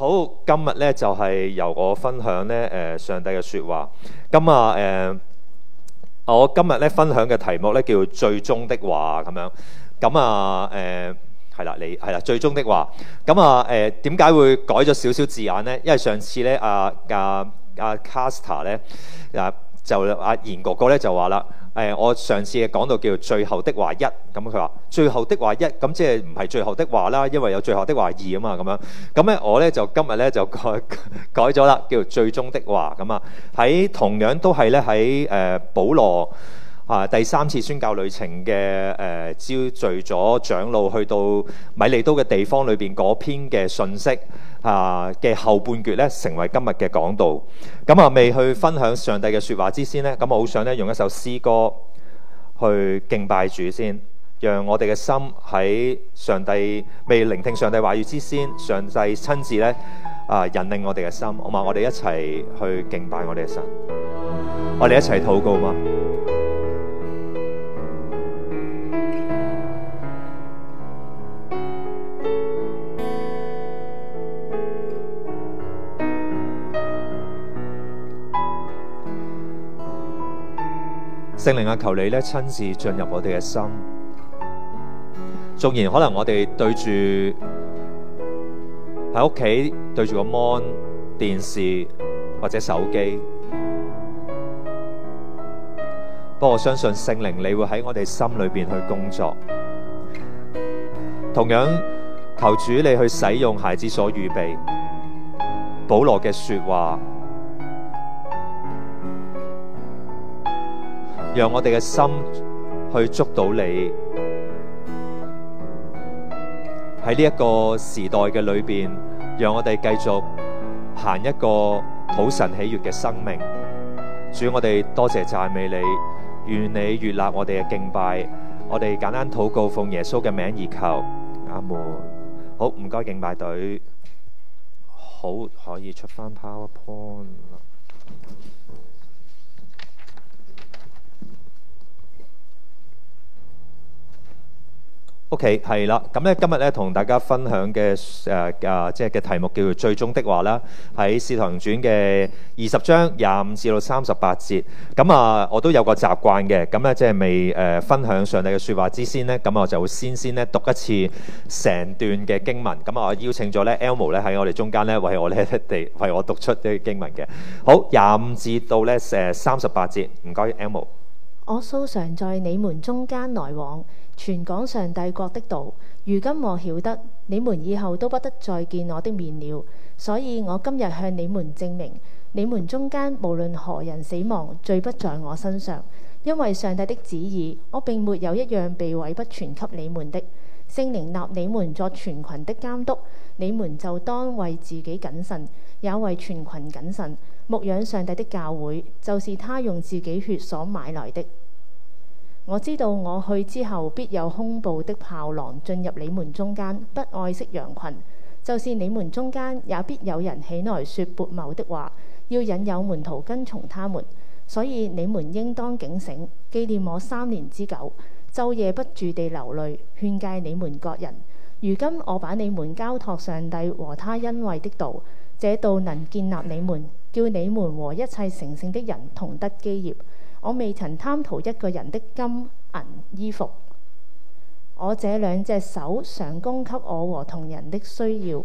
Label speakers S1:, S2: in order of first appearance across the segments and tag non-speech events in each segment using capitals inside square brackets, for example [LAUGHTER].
S1: 好，今日咧就係、是、由我分享咧，誒、呃，上帝嘅說話。咁啊，誒、呃，我今日咧分享嘅題目咧叫最終的話咁樣。咁啊，誒，係啦，你係啦，最終的話。咁啊，誒，點解、呃呃、會改咗少少字眼咧？因為上次咧，阿、啊、阿阿、啊啊啊、Castor 咧，啊，就阿賢、啊、哥哥咧就話啦。誒、呃，我上次講到叫做最後的話一，咁佢話最後的話一，咁即係唔係最後的話啦，因為有最後的話二啊嘛，咁樣。咁咧，我咧就今日咧就改改咗啦，叫做最終的話咁啊。喺同樣都係咧喺誒保羅啊第三次宣教旅程嘅誒招聚咗長老去到米利都嘅地方裏面嗰篇嘅信息。啊嘅後半段咧，成為今日嘅講道。咁、嗯、啊，未去分享上帝嘅說話之先呢，咁、嗯、我好想咧用一首詩歌去敬拜主先，讓我哋嘅心喺上帝未聆聽上帝話語之先，上帝親自咧啊、呃、引領我哋嘅心。好嘛，我哋一齊去敬拜我哋嘅神，我哋一齊禱告嘛。聖靈啊，求你咧親自進入我哋嘅心。縱然可能我哋對住喺屋企，對住個 mon 電視或者手機，不過我相信聖靈你會喺我哋心裏面去工作。同樣，求主你去使用孩子所預備，保羅嘅說話。讓我哋嘅心去捉到你，喺呢一個時代嘅裏邊，讓我哋繼續行一個討神喜悦嘅生命。主，我哋多謝讚美你，願你悦納我哋嘅敬拜。我哋簡單禱告，奉耶穌嘅名而求。阿門。好，唔該敬拜隊，好，可以出翻 PowerPoint 啦。OK，係啦，咁咧今日咧同大家分享嘅誒誒，即係嘅題目叫做最終的話啦，喺《使徒行傳》嘅二十章廿五至到三十八節。咁啊，我都有個習慣嘅，咁咧即係未誒分享上帝嘅説話之先呢，咁我就會先先咧讀一次成段嘅經文。咁啊，我邀請咗咧 Elmo 咧喺我哋中間咧為我呢地為我讀出啲經文嘅。好，廿五至到咧誒三十八節，唔該 Elmo。
S2: 我素常在你們中間來往，傳講上帝國的道，如今我曉得你們以後都不得再見我的面了，所以我今日向你們證明：你們中間無論何人死亡，罪不在我身上，因為上帝的旨意，我並沒有一樣避諱不傳給你們的。聖靈立你們作全群的監督，你們就當為自己謹慎，也為全群謹慎，牧養上帝的教會，就是他用自己血所買來的。我知道我去之後必有兇暴的豺狼進入你們中間，不愛惜羊群。就是你們中間也必有人起來說悖謬的話，要引誘門徒跟從他們。所以你們應當警醒，記念我三年之久，晝夜不住地流淚勸戒你們各人。如今我把你們交託上帝和他恩惠的道，這道能建立你們，叫你們和一切成聖的人同得基業。我未曾貪圖一個人的金銀衣服，我這兩隻手常供給我和同人的需要，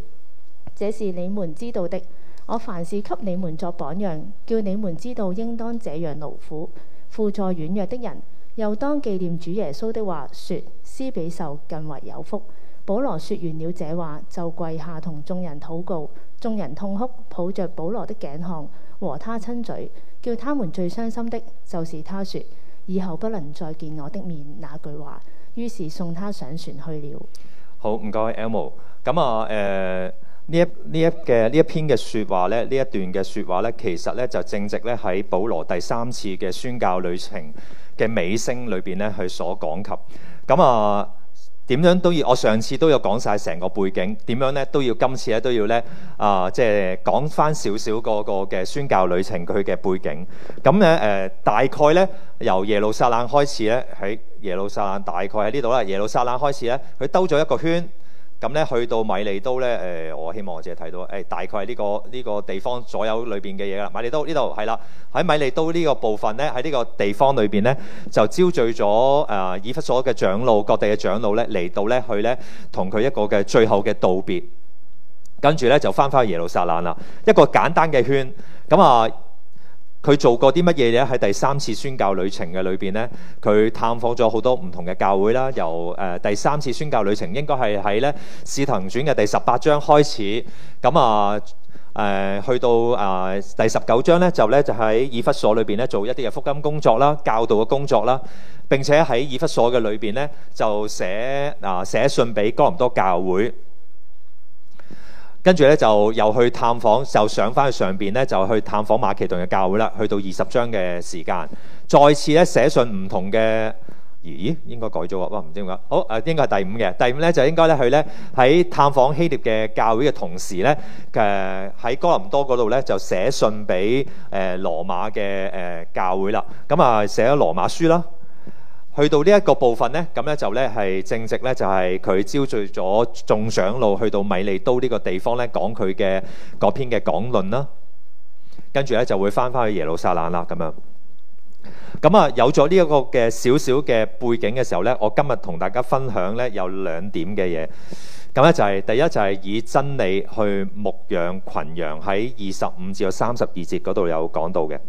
S2: 這是你們知道的。我凡事給你們作榜樣，叫你們知道應當這樣勞苦，輔助軟弱的人。又當記念主耶穌的話，說：施比受更為有福。保羅說完了這話，就跪下同眾人禱告，眾人痛哭，抱着保羅的頸項，和他親嘴。叫他們最傷心的，就是他說以後不能再見我的面那句話。於是送他上船去了。
S1: 好，唔該，Elmo。咁啊，誒、呃、呢一呢一嘅呢一篇嘅説話咧，呢一段嘅説話咧，其實咧就正值咧喺保羅第三次嘅宣教旅程嘅尾聲裏邊咧，去所講及。咁啊。呃點樣都要，我上次都有講晒成個背景。點樣咧都要今次咧都要咧啊、呃！即係講翻少少個、嗰個嘅宣教旅程佢嘅背景。咁咧、呃、大概咧由耶路撒冷開始咧，喺耶路撒冷大概喺呢度啦。耶路撒冷開始咧，佢兜咗一個圈。咁咧去到米利都咧、呃，我希望我只係睇到、哎、大概呢、這個呢、這個地方所有裏面嘅嘢啦。米利都呢度係啦，喺米利都呢個部分咧，喺呢個地方裏面咧，就召聚咗誒、呃、以弗所嘅長老、各地嘅長老咧嚟到咧去咧同佢一個嘅最後嘅道別，跟住咧就翻返去耶路撒冷啦。一個簡單嘅圈，咁、嗯、啊。佢做過啲乜嘢咧？喺第三次宣教旅程嘅裏邊呢，佢探訪咗好多唔同嘅教會啦。由誒、呃、第三次宣教旅程應該係喺呢使徒行傳嘅第十八章開始，咁啊誒去到啊、呃、第十九章呢，就呢就喺以弗所裏邊呢做一啲嘅福音工作啦、教導嘅工作啦。並且喺以弗所嘅裏邊呢，就寫啊、呃、寫信俾哥林多教會。跟住咧就又去探訪，就上返去上面咧就去探訪馬其頓嘅教會啦。去到二十章嘅時間，再次咧寫信唔同嘅，咦應該改咗啊？唔知點解好誒，應該係第五嘅。第五咧就應該咧去咧喺探訪希臘嘅教會嘅同時咧嘅喺哥林多嗰度咧就寫信俾誒、呃、羅馬嘅、呃、教會啦。咁啊寫咗羅馬書啦。去到呢一個部分呢，咁呢就呢係正值呢，就係佢召聚咗眾長老去到米利都呢個地方呢，講佢嘅嗰篇嘅講論啦，跟住呢就會返返去耶路撒冷啦咁樣。咁啊有咗呢一個嘅少少嘅背景嘅時候呢，我今日同大家分享呢有兩點嘅嘢。咁呢就係、是、第一就係以真理去牧養群羊，喺二十五至到三十二節嗰度有講到嘅。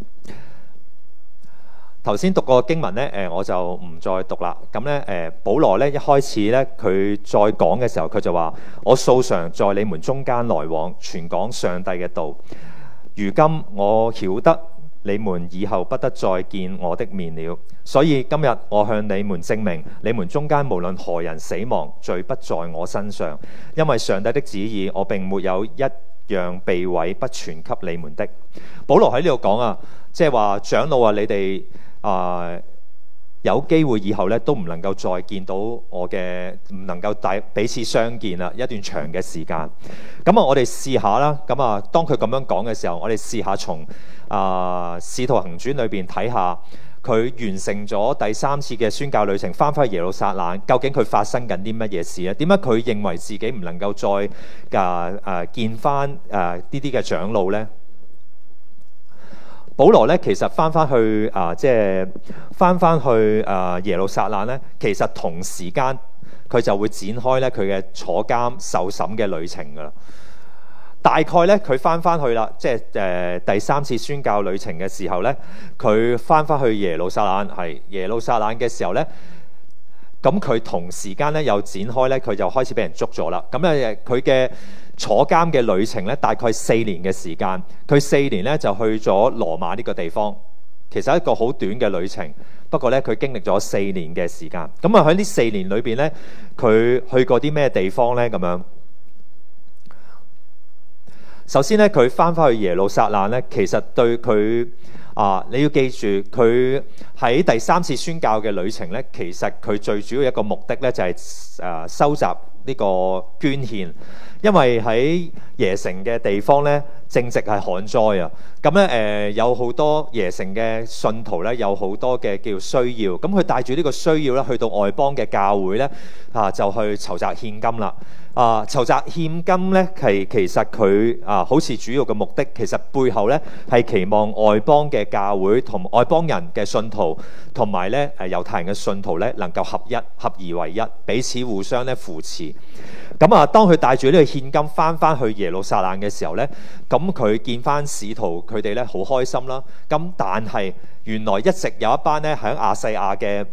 S1: 頭先讀過經文呢，誒我就唔再讀啦。咁呢、呃，保羅呢一開始呢，佢再講嘅時候，佢就話：我素常在你們中間來往，全講上帝嘅道。如今我曉得你們以後不得再見我的面了，所以今日我向你們證明，你們中間無論何人死亡，罪不在我身上，因為上帝的旨意，我並沒有一樣避諱不傳給你們的。保羅喺呢度講啊，即係話長老啊，你哋。啊、呃，有機會以後咧都唔能夠再見到我嘅，唔能夠第彼此相見啦一段長嘅時間。咁啊，我哋試下啦。咁啊，當佢咁樣講嘅時候，我哋試下從《啊、呃、使徒行傳》裏面睇下，佢完成咗第三次嘅宣教旅程，翻返去耶路撒冷，究竟佢發生緊啲乜嘢事咧？點解佢認為自己唔能夠再啊啊、呃呃、見翻呃呢啲嘅長老咧？保羅咧，其實翻翻去啊、呃，即係翻翻去啊、呃、耶路撒冷咧，其實同時間佢就會展開咧佢嘅坐監受審嘅旅程噶啦。大概咧佢翻翻去啦，即係誒、呃、第三次宣教旅程嘅時候咧，佢翻翻去耶路撒冷係耶路撒冷嘅時候咧，咁佢同時間咧又展開咧佢就開始俾人捉咗啦。咁誒佢嘅。坐監嘅旅程呢，大概四年嘅時間。佢四年呢就去咗羅馬呢個地方，其實一個好短嘅旅程。不過呢，佢經歷咗四年嘅時間。咁啊，喺呢四年裏邊呢，佢去過啲咩地方呢？咁樣首先呢，佢翻返去耶路撒冷呢，其實對佢啊，你要記住，佢喺第三次宣教嘅旅程呢，其實佢最主要一個目的呢，就係啊，收集呢個捐獻。因為喺椰城嘅地方咧，正值係旱災啊！咁咧，誒、呃、有好多耶城嘅信徒咧，有好多嘅叫需要。咁佢帶住呢個需要咧，去到外邦嘅教會咧，啊就去籌集獻金啦。啊，籌集獻金咧，係、啊、其，其實佢啊，好似主要嘅目的，其實背後咧係期望外邦嘅教會同外邦人嘅信徒，同埋咧誒猶太人嘅信徒咧，能夠合一合二為一，彼此互相咧扶持。咁啊，當佢帶住呢個獻金返返去耶路撒冷嘅時候咧，咁佢見翻使徒佢哋咧好開心啦。咁但係原來一直有一班咧喺亞細亞嘅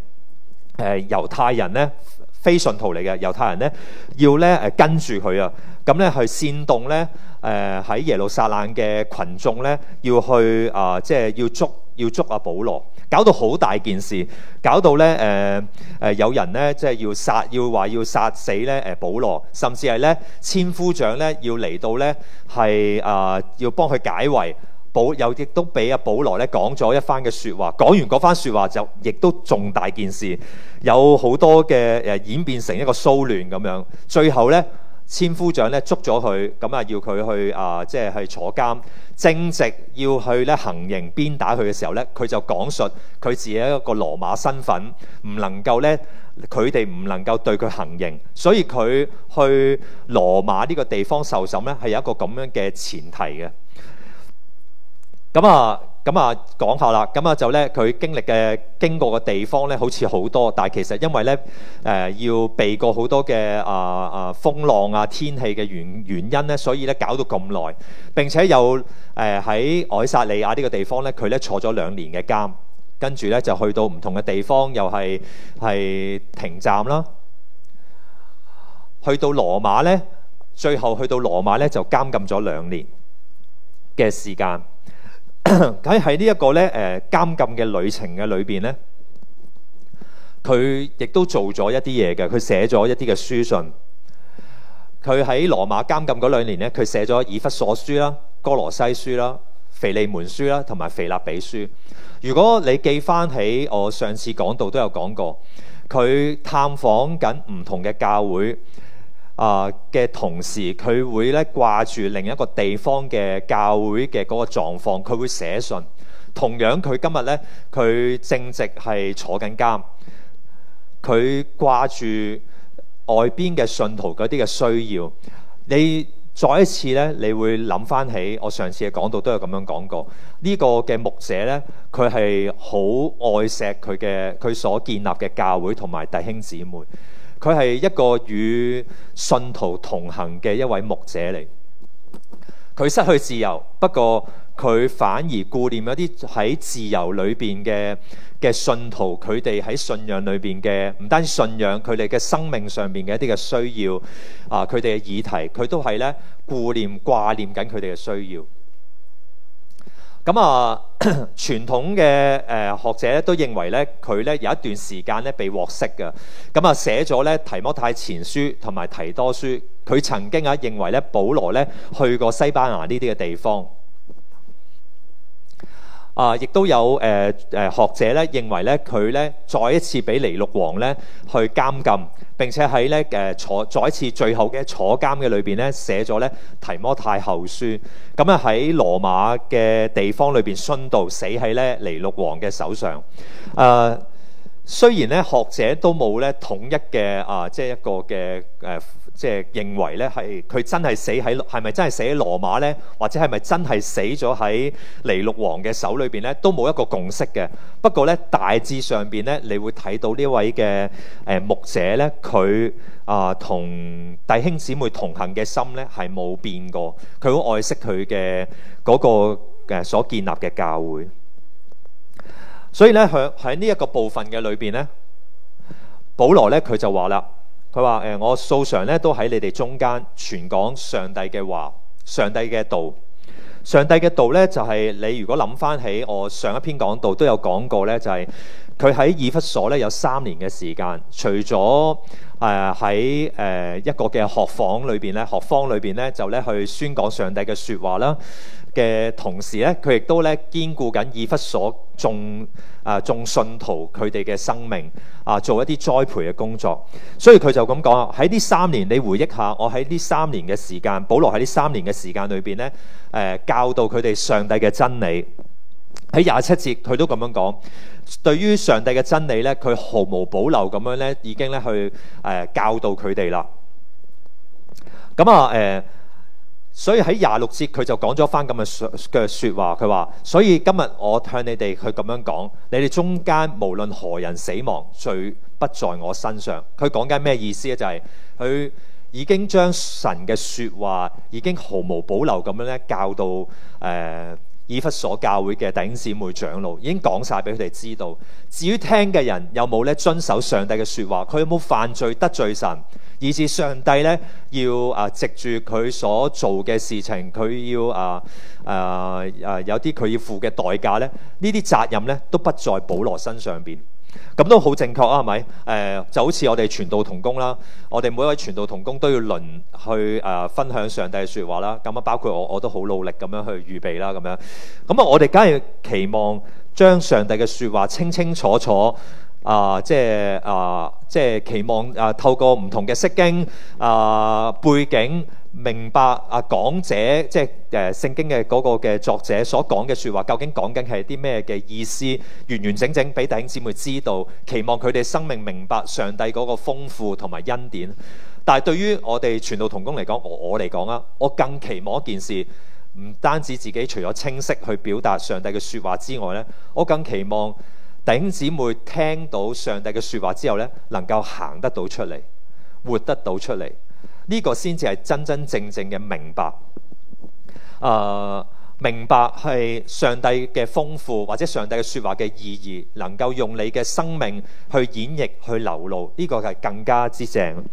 S1: 誒猶太人咧，非信徒嚟嘅猶太人咧，要咧誒跟住佢啊。咁咧去煽動咧誒喺耶路撒冷嘅群眾咧，要去啊即係要捉要捉阿保羅。搞到好大件事，搞到咧誒、呃呃、有人咧即係要殺，要話要殺死咧保、呃、羅，甚至係咧千夫長咧要嚟到咧係啊要幫佢解圍，保又亦都俾阿保羅咧講咗一番嘅說話，講完嗰番說話就亦都重大件事，有好多嘅、呃、演變成一個騷亂咁樣，最後咧。千夫長咧捉咗佢，咁啊要佢去啊、呃，即係去坐監。正直要去咧行刑鞭打佢嘅時候咧，佢就講述佢自己一個羅馬身份，唔能夠咧，佢哋唔能夠對佢行刑，所以佢去羅馬呢個地方受審咧，係有一個咁樣嘅前提嘅。咁啊。咁啊，講下啦。咁啊，就咧佢經歷嘅經過嘅地方咧，好似好多，但係其實因為咧，誒要避過好多嘅啊啊、風浪啊、天氣嘅原原因咧，所以咧搞到咁耐。並且又誒喺凱撒利亞呢個地方咧，佢咧坐咗兩年嘅監，跟住咧就去到唔同嘅地方，又係係停站啦。去到羅馬咧，最後去到羅馬咧就監禁咗兩年嘅時間。喺喺呢一個咧誒監禁嘅旅程嘅裏邊咧，佢亦都做咗一啲嘢嘅。佢寫咗一啲嘅書信。佢喺羅馬監禁嗰兩年咧，佢寫咗《以弗所書》啦，《哥羅西書》啦，《腓利門書》啦，同埋《腓立比書》。如果你記翻起我上次講道都有講過，佢探訪緊唔同嘅教會。啊、uh, 嘅同時，佢會咧掛住另一個地方嘅教會嘅嗰個狀況，佢會寫信。同樣他天呢，佢今日咧，佢正直係坐緊監，佢掛住外邊嘅信徒嗰啲嘅需要。你再一次咧，你會諗翻起我上次嘅講道都有咁樣講過。呢、這個嘅牧者咧，佢係好愛錫佢嘅佢所建立嘅教會同埋弟兄姊妹。佢係一個與信徒同行嘅一位牧者嚟，佢失去自由，不過佢反而顧念一啲喺自由裏邊嘅嘅信徒，佢哋喺信仰裏邊嘅唔單止信仰，佢哋嘅生命上面嘅一啲嘅需要啊，佢哋嘅議題，佢都係咧顧念掛念緊佢哋嘅需要。咁啊，傳統嘅誒學者都認為咧，佢咧有一段時間咧被獲釋嘅。咁啊，寫咗咧《提摩太前書》同埋《提多書》，佢曾經啊認為咧，保羅咧去過西班牙呢啲嘅地方。啊！亦都有誒誒、呃呃、學者咧認為咧，佢咧再一次俾尼祿王咧去監禁，並且喺咧誒坐再一次最後嘅坐監嘅裏面咧寫咗咧《提摩太後書》呃，咁啊喺羅馬嘅地方裏面殉道，死喺咧尼祿王嘅手上。誒、呃，雖然咧學者都冇咧統一嘅啊、呃，即係一個嘅誒。呃即係認為咧，係佢真係死喺係咪真係死喺羅馬呢，或者係咪真係死咗喺尼祿王嘅手裏邊呢，都冇一個共識嘅。不過呢，大致上邊呢，你會睇到呢位嘅誒、呃、牧者呢，佢啊同弟兄姊妹同行嘅心呢，係冇變過。佢好愛惜佢嘅嗰個所建立嘅教會。所以呢，喺喺呢一個部分嘅裏邊呢，保羅呢，佢就話啦。佢話、呃：我素常咧都喺你哋中間傳講上帝嘅話、上帝嘅道。上帝嘅道咧，就係、是、你如果諗翻起我上一篇講道都有講過咧，就係佢喺以弗所咧有三年嘅時間，除咗誒喺誒一個嘅學房裏面，咧，學方裏面咧就咧去宣講上帝嘅說話啦。嘅同時咧，佢亦都咧兼顧緊以弗所眾啊、呃、眾信徒佢哋嘅生命啊，做一啲栽培嘅工作。所以佢就咁講，喺呢三年你回憶下，我喺呢三年嘅時間，保羅喺呢三年嘅時間裏面咧、呃，教導佢哋上帝嘅真理。喺廿七節，佢都咁樣講，對於上帝嘅真理咧，佢毫無保留咁樣咧，已經咧去誒教導佢哋啦。咁啊誒。呃所以喺廿六節佢就講咗翻咁嘅說嘅說話，佢話，所以今日我向你哋去咁樣講，你哋中間無論何人死亡，罪不在我身上。佢講緊咩意思咧？就係、是、佢已經將神嘅說話已經毫無保留咁樣咧教到誒。呃以弗所教會嘅弟兄姊妹、長老已經講晒俾佢哋知道，至於聽嘅人有冇咧遵守上帝嘅說話，佢有冇犯罪得罪神，以至上帝咧要啊、呃、藉住佢所做嘅事情，佢要啊、呃呃、有啲佢要付嘅代價咧，呢啲責任咧都不在保羅身上邊。咁都好正確啊，係咪？誒、呃，就好似我哋傳道同工啦，我哋每一位傳道同工都要輪去誒、呃、分享上帝嘅說話啦。咁啊，包括我我都好努力咁樣去預備啦。咁樣，咁啊，我哋梗係期望將上帝嘅說話清清楚楚。啊，即係啊，即係期望啊，透過唔同嘅釋經啊背景，明白啊講者即係、啊、聖經嘅嗰個嘅作者所講嘅說話，究竟講緊係啲咩嘅意思，完完整整俾弟兄姊妹知道，期望佢哋生命明白上帝嗰個豐富同埋恩典。但係對於我哋傳道同工嚟講，我我嚟講啊，我更期望一件事，唔單止自己除咗清晰去表達上帝嘅說話之外呢，我更期望。弟兄姊妹聽到上帝嘅說話之後呢，能夠行得到出嚟，活得到出嚟，呢個先至係真真正正嘅明白。呃，明白係上帝嘅豐富或者上帝嘅說話嘅意義，能夠用你嘅生命去演繹去流露，呢個係更加之正。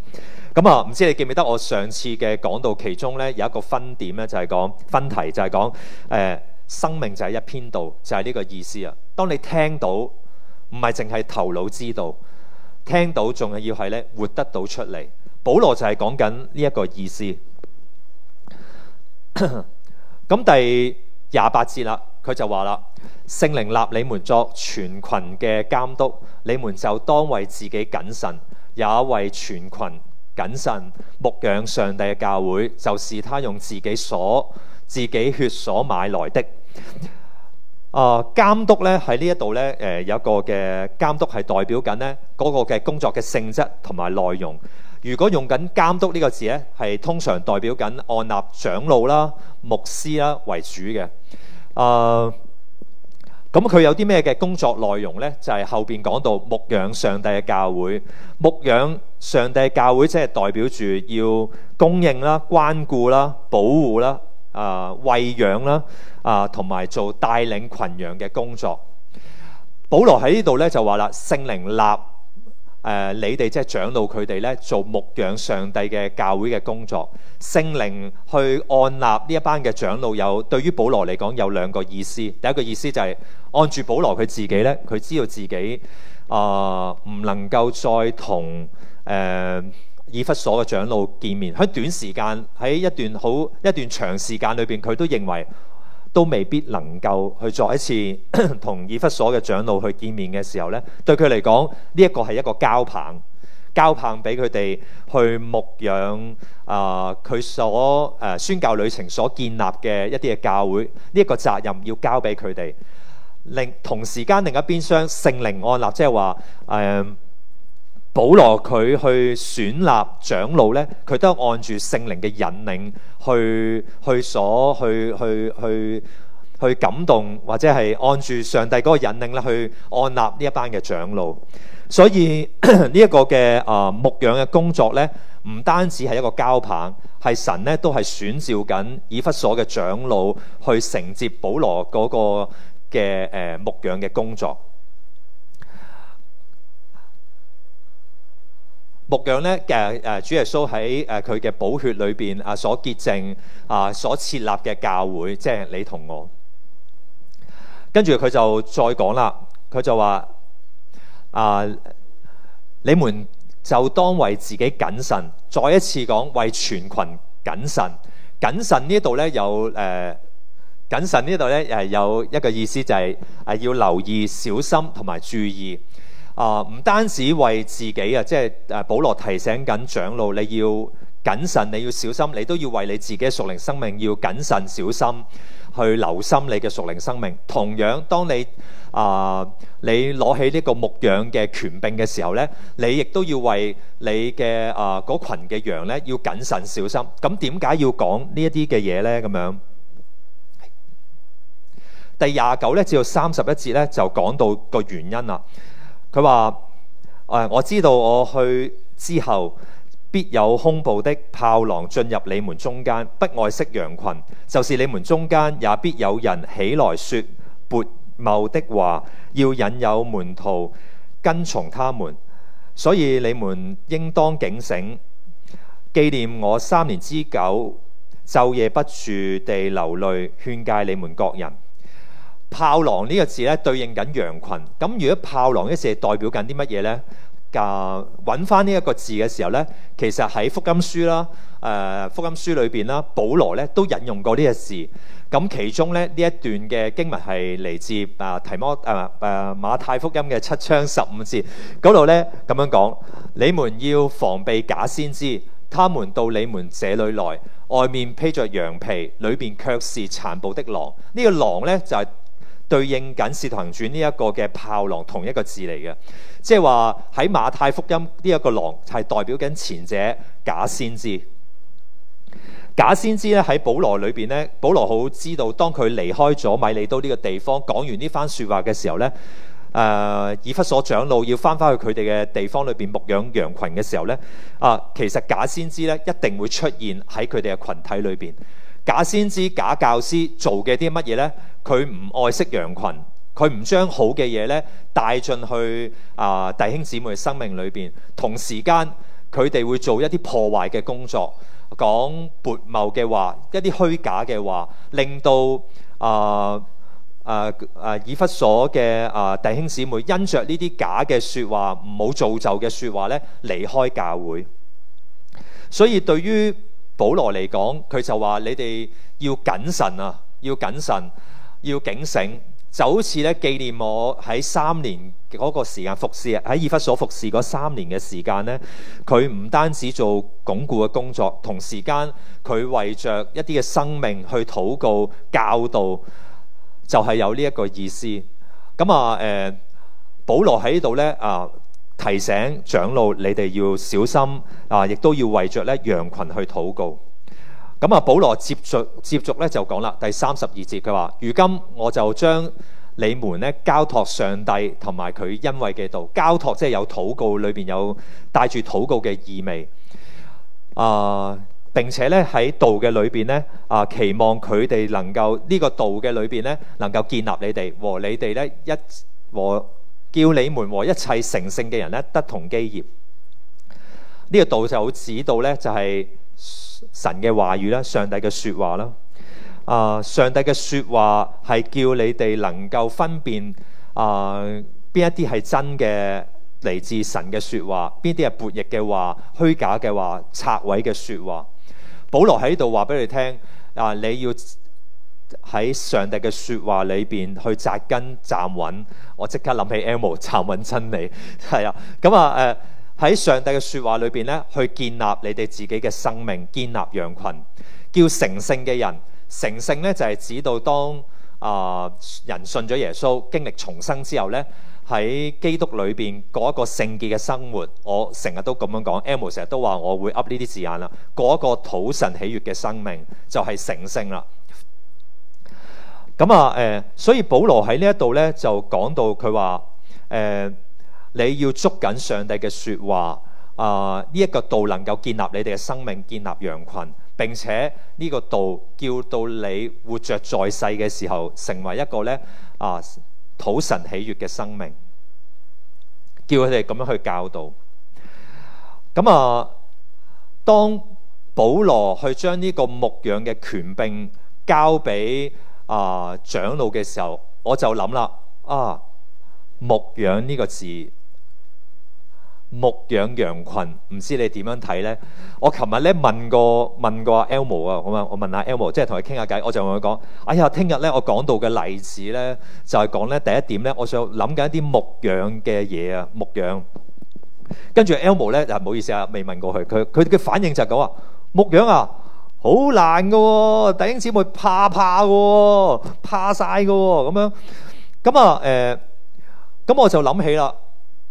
S1: 咁啊，唔知你記唔記得我上次嘅講道其中呢，有一個分點呢，就係講分題就是說，就係講誒生命就係一篇道，就係呢個意思啊。當你聽到。唔係淨係頭腦知道，聽到，仲係要係咧活得到出嚟。保羅就係講緊呢一個意思。咁 [COUGHS] 第廿八節啦，佢就話啦：聖靈立你們作全群嘅監督，你們就當為自己謹慎，也為全群謹慎，牧養上帝嘅教會，就是他用自己所、自己血所買來的。啊，監督咧喺呢一度咧，誒、呃、有一個嘅監督係代表緊呢嗰、那個嘅工作嘅性質同埋內容。如果用緊監督呢個字咧，係通常代表緊按立長老啦、牧師啦為主嘅。啊，咁佢有啲咩嘅工作內容呢？就係、是、後邊講到牧養上帝嘅教會，牧養上帝嘅教會即係代表住要供應啦、關顧啦、保護啦。啊、呃、餵養，養啦啊，同埋做帶領群羊嘅工作。保羅喺呢度咧就話啦，聖靈立誒你哋即係長老佢哋咧做牧養上帝嘅教會嘅工作。聖靈去按立呢一班嘅長老有，對於保羅嚟講有兩個意思。第一個意思就係、是、按住保羅佢自己咧，佢知道自己啊唔、呃、能夠再同誒。呃以弗所嘅長老見面，喺短時間喺一段好一段長時間裏邊，佢都認為都未必能夠去作一次同 [COUGHS] 以弗所嘅長老去見面嘅時候呢。對佢嚟講呢一個係一個交棒，交棒俾佢哋去牧養啊佢，呃、所，誒、呃、宣教旅程所建立嘅一啲嘅教會呢一，這個責任要交俾佢哋，另同，同時間另一邊廂聖靈按立，即係話，誒。呃保羅佢去選立長老呢，佢都按住聖靈嘅引領去去所去去去去，去感動，或者係按住上帝嗰個引領咧去按立呢一班嘅長老。所以呢一、 [COUGHS] 這個嘅啊、呃、牧養嘅工作呢，唔單止係一個交棒，係神呢都係選召緊以弗所嘅長老去承接保羅嗰個嘅誒、呃、牧養嘅工作。牧養咧，誒誒，主耶穌喺誒佢嘅寶血裏邊啊，所潔淨啊，所設立嘅教會，即係你同我。跟住佢就再講啦，佢就話啊，你們就當為自己謹慎，再一次講為全群謹慎。謹慎呢度咧有誒謹慎呢度咧誒有一個意思，就係誒要留意、小心同埋注意。啊、呃！唔單止為自己啊，即係誒，保羅提醒緊長老，你要謹慎，你要小心，你都要為你自己嘅屬靈生命要謹慎小心，去留心你嘅屬靈生命。同樣，當你啊、呃、你攞起呢個牧養嘅權柄嘅時候咧，你亦都要為你嘅啊嗰群嘅羊咧要謹慎小心。咁點解要講呢一啲嘅嘢咧？咁樣第廿九咧至到三十一節咧就講到個原因啦。佢話、呃：我知道我去之後，必有凶暴的豺狼進入你們中間，不愛惜羊群，就是你們中間，也必有人起來說悖謬的話，要引誘門徒跟從他們。所以你們應當警醒，紀念我三年之久，晝夜不住地流淚勸戒你們各人。豹狼呢個字咧，對應緊羊群，咁如果豹狼呢個字係代表緊啲乜嘢呢？啊，揾翻呢一個字嘅時候呢，其實喺福音書啦，誒、啊、福音書裏邊啦，保羅呢都引用過呢個字。咁其中咧，呢這一段嘅經文係嚟自啊提摩誒誒、啊啊、馬太福音嘅七章十五節。嗰度呢，咁樣講：你們要防備假先知，他們到你們這裏來，外面披着羊皮，裏面卻是殘暴的狼。呢、這個狼呢，就係、是。對應緊《使徒行傳》呢一個嘅炮狼，同一個字嚟嘅，即係話喺馬太福音呢一個狼係代表緊前者，假先知。假先知咧，喺保羅裏邊呢，保羅好知道當佢離開咗米利都呢個地方，講完呢番説話嘅時候呢，誒、呃、以弗所長老要翻返去佢哋嘅地方裏邊牧養羊群嘅時候呢，啊，其實假先知咧，一定會出現喺佢哋嘅群體裏邊。假先知、假教師做嘅啲乜嘢呢？佢唔愛惜羊群，佢唔將好嘅嘢呢帶進去啊、呃、弟兄姊妹生命裏邊。同時間佢哋會做一啲破壞嘅工作，講悖謬嘅話，一啲虛假嘅話，令到啊啊啊以弗所嘅啊、呃、弟兄姊妹因着呢啲假嘅説話、唔好造就嘅説話呢離開教會。所以對於保羅嚟講，佢就話：你哋要謹慎啊，要謹慎，要警醒，就好似咧紀念我喺三年嗰個時間服侍，喺以弗所服侍嗰三年嘅時間咧，佢唔單止做鞏固嘅工作，同時間佢為着一啲嘅生命去禱告教導，就係有呢一個意思。咁、呃、啊，誒，保羅喺呢度咧啊。提醒長老，你哋要小心啊！亦都要為着咧羊群去禱告。咁、嗯、啊，保羅接續接續咧就講啦，第三十二節佢話：如今我就將你們咧交託上帝同埋佢恩惠嘅道，交託即係有禱告裏邊有帶住禱告嘅意味啊、呃，並且咧喺道嘅裏邊咧啊，期、呃、望佢哋能夠呢、這個道嘅裏邊咧，能夠建立你哋和你哋咧一和。叫你們和一切成聖嘅人咧得同基業，呢個道就指到咧就係神嘅話語啦，上帝嘅說話啦。啊、呃，上帝嘅說話係叫你哋能夠分辨啊，邊一啲係真嘅嚟自神嘅說話，邊啲係悖逆嘅話、虛假嘅話、拆毀嘅說話。保羅喺度話俾你聽啊、呃，你要。喺上帝嘅説話裏邊去紮根，站穩，我即刻諗起 Emma 站穩真理係啊。咁啊、誒喺上帝嘅説話裏邊咧，去建立你哋自己嘅生命，建立羊群，叫成聖嘅人成聖咧就係、是、指到當啊、呃、人信咗耶穌，經歷重生之後咧，喺基督裏邊過一個聖潔嘅生活。我成日都咁樣講，Emma 成日都話我會 up 呢啲字眼啦。嗰、那個討神喜悅嘅生命就係成聖啦。咁啊，誒、呃，所以保羅喺呢一度咧，就講到佢話：誒、呃，你要捉緊上帝嘅説話啊，呢、呃、一、這個道能夠建立你哋嘅生命，建立羊群。並且呢個道叫到你活着在世嘅時候，成為一個咧啊，討神喜悅嘅生命，叫佢哋咁樣去教導。咁啊、呃，當保羅去將呢個牧養嘅權柄交俾。啊！長老嘅時候，我就諗啦。啊！牧養呢個字，牧養羊羊群。唔知你點樣睇咧？我琴日咧問過問過阿 Elmo 啊，咁問我問下 Elmo，即係同佢傾下偈，我就同佢講：哎呀，聽日咧我講到嘅例子咧，就係講咧第一點咧，我想諗緊一啲牧養嘅嘢啊，牧養。跟住 Elmo 咧，就唔好意思啊，未問過佢，佢佢嘅反應就係講話牧養啊。好難㗎喎、哦，弟兄姊妹怕怕喎、哦，怕晒㗎喎，咁樣咁啊誒，咁、呃、我就諗起啦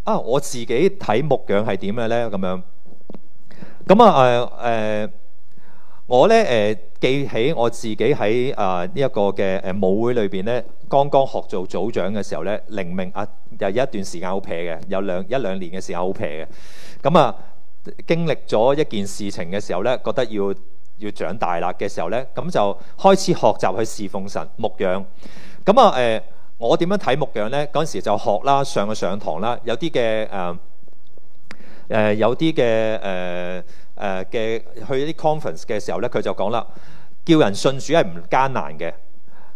S1: 啊，我自己睇牧養係點嘅咧，咁樣咁啊誒、呃、我咧誒、呃、記起我自己喺、呃這個、呢一個嘅舞會裏面咧，剛剛學做組長嘅時候咧，靈命啊有一段時間好撇嘅，有兩一兩年嘅時候好撇嘅，咁啊經歷咗一件事情嘅時候咧，覺得要。要長大啦嘅時候呢，咁就開始學習去侍奉神牧養咁啊。誒、呃，我點樣睇牧養呢？嗰陣時就學啦，上上堂啦，有啲嘅誒誒，有啲嘅誒誒嘅去一啲 conference 嘅時候呢，佢就講啦，叫人信主係唔艱難嘅，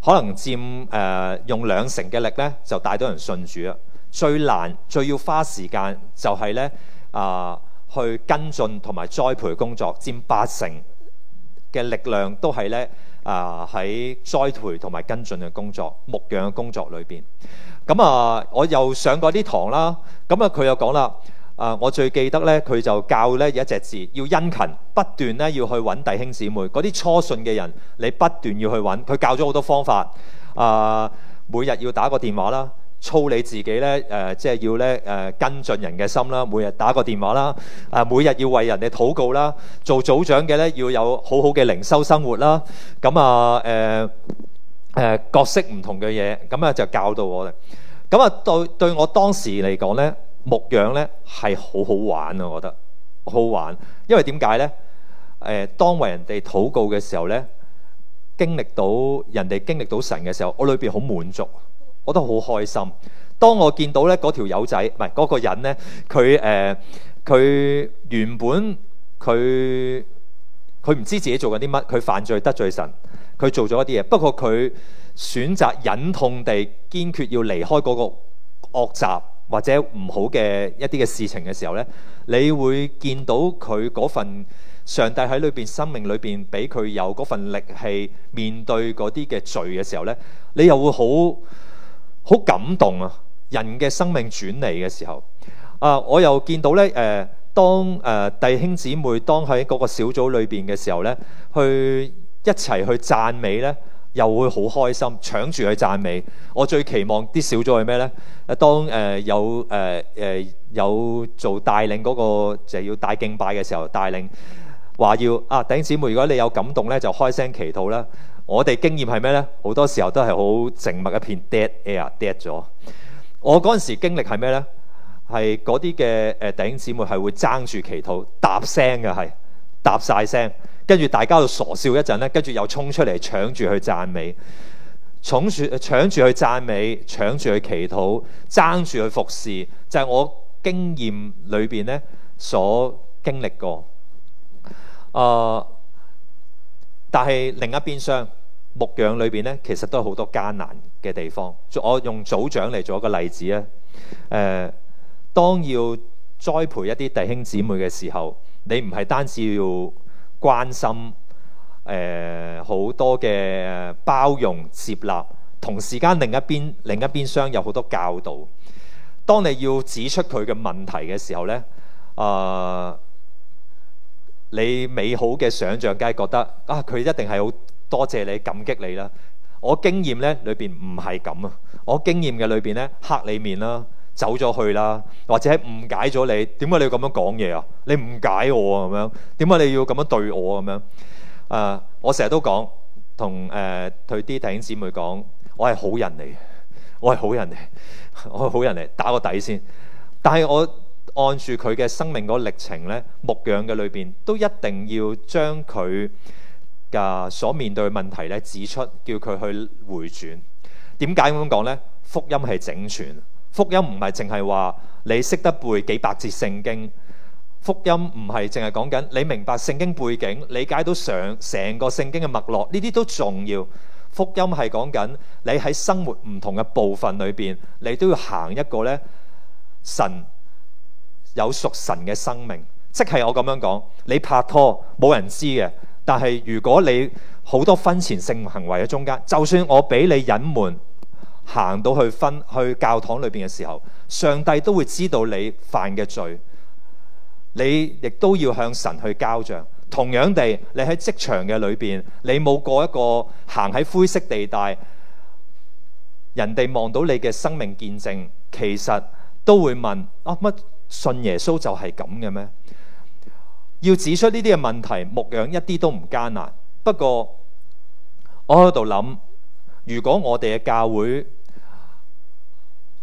S1: 可能佔誒、呃、用兩成嘅力呢，就帶到人信主啦。最難最要花時間就係呢啊、呃，去跟進同埋栽培工作，佔八成。嘅力量都係咧啊，喺、呃、栽培同埋跟進嘅工作、牧養嘅工作裏邊。咁啊，我又上過啲堂啦。咁啊，佢又講啦啊，我最記得咧，佢就教咧有一隻字，要殷勤，不斷咧要去揾弟兄姊妹。嗰啲初信嘅人，你不斷要去揾。佢教咗好多方法啊、呃，每日要打個電話啦。操你自己咧，誒，即係要咧，誒，跟進人嘅心啦，每日打個電話啦，誒，每日要為人哋禱告啦，做組長嘅咧，要有好好嘅靈修生活啦，咁啊，誒，誒，角色唔同嘅嘢，咁啊，就教導我哋。咁啊，對對，我當時嚟講咧，牧養咧係好好玩啊，我覺得好玩，因為點解咧？誒，當為人哋禱告嘅時候咧，經歷到人哋經歷到神嘅時候，我裏邊好滿足。我都好開心。當我見到咧嗰條友仔唔係嗰個人咧，佢誒佢原本佢佢唔知自己做緊啲乜，佢犯罪得罪神，佢做咗一啲嘢。不過佢選擇忍痛地堅決要離開嗰個惡習或者唔好嘅一啲嘅事情嘅時候咧，你會見到佢嗰份上帝喺裏邊生命裏邊俾佢有嗰份力氣面對嗰啲嘅罪嘅時候咧，你又會好。好感動啊！人嘅生命轉嚟嘅時候，啊，我又見到咧，誒、呃，當、呃、弟兄姊妹當喺嗰個小組裏邊嘅時候咧，去一齊去讚美咧，又會好開心，搶住去讚美。我最期望啲小組係咩咧？誒，當、呃、有、呃、有做帶領嗰個就要帶敬拜嘅時候，帶領話要啊，弟兄姊妹，如果你有感動咧，就開聲祈禱啦。我哋經驗係咩呢？好多時候都係好靜默一片 dead air dead 咗。我嗰陣時經歷係咩呢？係嗰啲嘅誒弟兄姊妹係會爭住祈禱，答聲嘅係答晒聲，跟住大家就傻笑一陣呢，跟住又衝出嚟搶住去讚美，搶住、呃、去讚美，搶住去祈禱，爭住去服侍。就係、是、我經驗裏邊呢所經歷過。誒、呃。但係另一邊廂牧養裏邊咧，其實都有好多艱難嘅地方。我用組長嚟做一個例子啊。誒、呃，當要栽培一啲弟兄姊妹嘅時候，你唔係單止要關心，誒、呃、好多嘅包容接納，同時間另一邊另一邊廂有好多教導。當你要指出佢嘅問題嘅時候咧，啊、呃、～你美好嘅想像，梗係覺得啊，佢一定係好多謝你、感激你啦。我經驗咧裏邊唔係咁啊。我經驗嘅裏邊咧，黑你面啦，走咗去啦，或者誤解咗你。點解你要咁樣講嘢啊？你誤解我啊，咁樣。點解你要咁樣對我咁、啊、樣？誒、啊，我成日都講，同誒對啲弟兄姊妹講，我係好人嚟嘅，我係好人嚟，我係好人嚟，打個底先。但係我。按住佢嘅生命嗰個歷程咧，牧養嘅裏面都一定要將佢嘅所面對嘅問題咧指出，叫佢去回轉。點解咁講呢？福音係整全福音，唔係淨係話你識得背幾百節聖經。福音唔係淨係講緊你明白聖經背景，理解到上成個聖經嘅脈絡，呢啲都重要。福音係講緊你喺生活唔同嘅部分裏面，你都要行一個咧神。有屬神嘅生命，即係我咁樣講。你拍拖冇人知嘅，但係如果你好多婚前性行為喺中間，就算我俾你隱瞞，行到去分去教堂裏邊嘅時候，上帝都會知道你犯嘅罪，你亦都要向神去交賬。同樣地，你喺職場嘅裏邊，你冇過一個行喺灰色地帶，人哋望到你嘅生命見證，其實都會問啊乜？信耶穌就係咁嘅咩？要指出呢啲嘅問題，牧養一啲都唔艱難。不過我喺度諗，如果我哋嘅教會，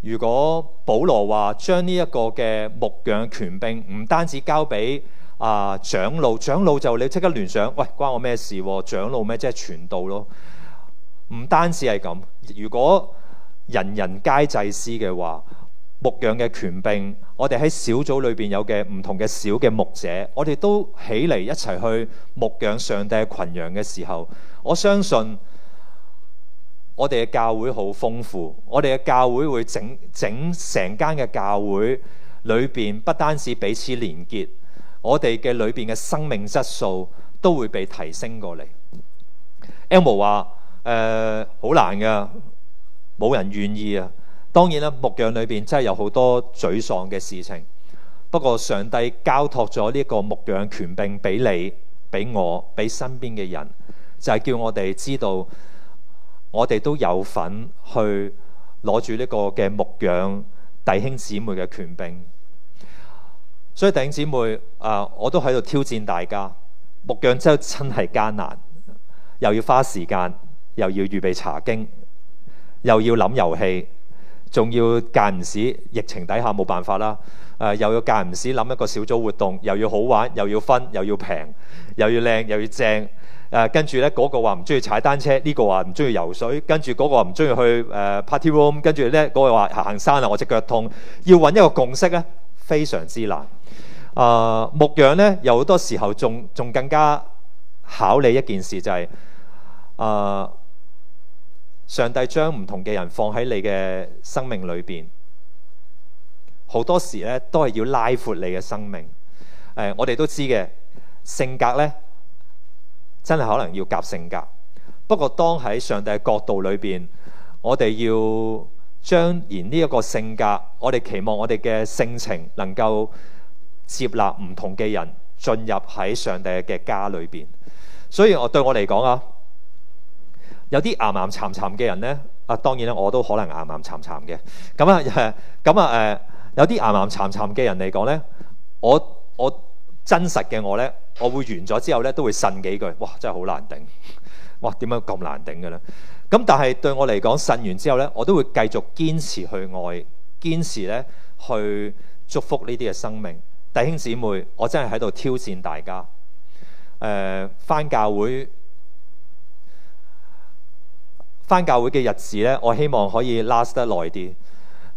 S1: 如果保羅話將呢一個嘅牧養權柄唔單止交俾啊、呃、長老，長老就你即刻聯想，喂關我咩事，啊？長老咩即係傳道咯？唔單止係咁，如果人人皆祭司嘅話，牧養嘅權柄。我哋喺小組裏邊有嘅唔同嘅小嘅牧者，我哋都起嚟一齊去牧養上帝嘅羣羊嘅時候，我相信我哋嘅教會好豐富，我哋嘅教會會整整成間嘅教會裏邊，不單止彼此連結，我哋嘅裏邊嘅生命質素都會被提升過嚟。 [LAUGHS] Elmo 話：呃、好難噶，冇人願意啊！當然啦，牧養裏邊真係有好多沮喪嘅事情。不過，上帝交託咗呢個牧養權柄俾你、俾我、俾身邊嘅人，就係、是、叫我哋知道，我哋都有份去攞住呢個嘅牧養弟兄姊妹嘅權柄。所以，弟兄姊妹啊、呃，我都喺度挑戰大家，牧養真係真係艱難，又要花時間，又要預備查經，又要諗遊戲。仲要間唔時疫情底下冇辦法啦、呃，又要間唔時諗一個小組活動，又要好玩，又要分，又要平，又要靚，又要正，呃、跟住咧嗰個話唔中意踩單車，呢、呢個話唔中意游水，跟住嗰個話唔中意去誒、呃、Party Room，跟住咧嗰個話行山啊，我隻腳痛，要搵一個共識咧，非常之難。誒、呃、牧養咧，有好多時候仲仲更加考慮一件事就係、是呃上帝將唔同嘅人放喺你嘅生命裏面，好多時咧都係要拉闊你嘅生命。誒，我哋都知嘅性格咧，真係可能要夾性格。不過，當喺上帝嘅角度裏面，我哋要將然呢一個性格，我哋期望我哋嘅性情能夠接納唔同嘅人進入喺上帝嘅家裏面。所以，我對我嚟講啊。有啲岩岩沉沉嘅人呢，啊，當然咧，我都可能岩岩沉沉嘅。咁啊，咁啊，誒、呃，有啲岩岩沉沉嘅人嚟講呢，我我真實嘅我呢，我會完咗之後呢都會呻幾句，哇，真係好難頂，哇，點解咁難頂嘅呢？咁但係對我嚟講，呻完之後呢，我都會繼續堅持去愛，堅持呢去祝福呢啲嘅生命。弟兄姊妹，我真係喺度挑戰大家，誒、呃，返教會。返教會嘅日子咧，我希望可以 last 得耐啲。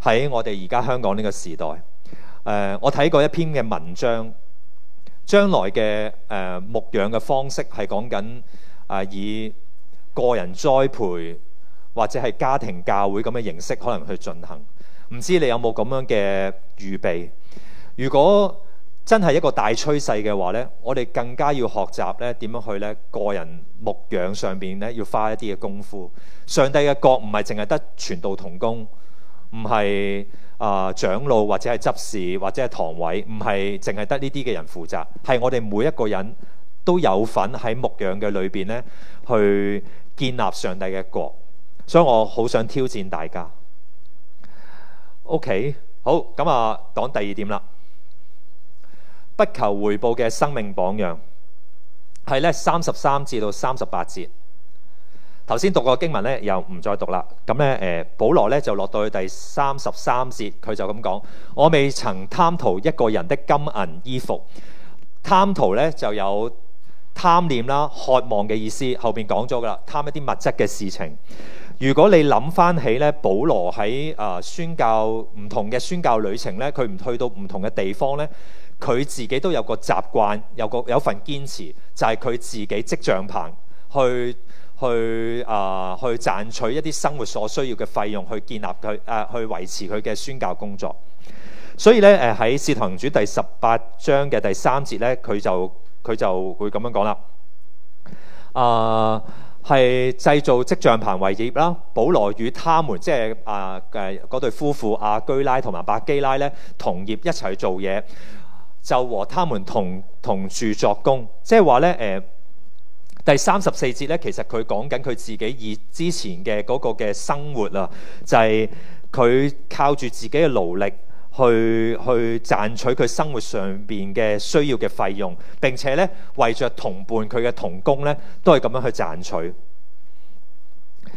S1: 喺我哋而家香港呢個時代，誒、呃，我睇過一篇嘅文章，將來嘅誒、呃、牧養嘅方式係講緊誒以個人栽培或者係家庭教會咁嘅形式可能去進行。唔知你有冇咁樣嘅預備？如果真係一個大趨勢嘅話呢，我哋更加要學習呢，點樣去呢，個人牧養上邊呢，要花一啲嘅功夫。上帝嘅國唔係淨係得傳道同工，唔係啊長老或者係執事或者係堂委，唔係淨係得呢啲嘅人負責，係我哋每一個人都有份喺牧養嘅裏邊呢去建立上帝嘅國。所以我好想挑戰大家。OK，好咁啊，講第二點啦。不求回報嘅生命榜樣係咧，三十三至到三十八節。頭先讀過的經文咧，又唔再讀啦。咁咧，誒、呃，保羅咧就落到去第三十三節，佢就咁講：我未曾貪圖一個人的金銀衣服。貪圖咧就有貪念啦、渴望嘅意思。後邊講咗㗎啦，貪一啲物質嘅事情。如果你諗翻起咧，保羅喺啊宣教唔同嘅宣教旅程咧，佢唔去到唔同嘅地方咧。佢自己都有個習慣，有個有份堅持，就係、是、佢自己織帳棚去，去去啊、呃，去賺取一啲生活所需要嘅費用，去建立佢誒、呃，去維持佢嘅宣教工作。所以咧，誒、呃、喺《使徒行傳》第十八章嘅第三節咧，佢就佢就會咁樣講啦。啊、呃，係製造織帳棚為業啦。保羅與他們，即係啊誒嗰對夫婦阿居拉同埋百基拉咧，同業一齊做嘢。就和他們同同住作工，即係話咧，誒、呃、第三十四節咧，其實佢講緊佢自己以之前嘅嗰個嘅生活啊，就係、是、佢靠住自己嘅勞力去去賺取佢生活上邊嘅需要嘅費用，並且咧，為着同伴佢嘅同工咧都係咁樣去賺取。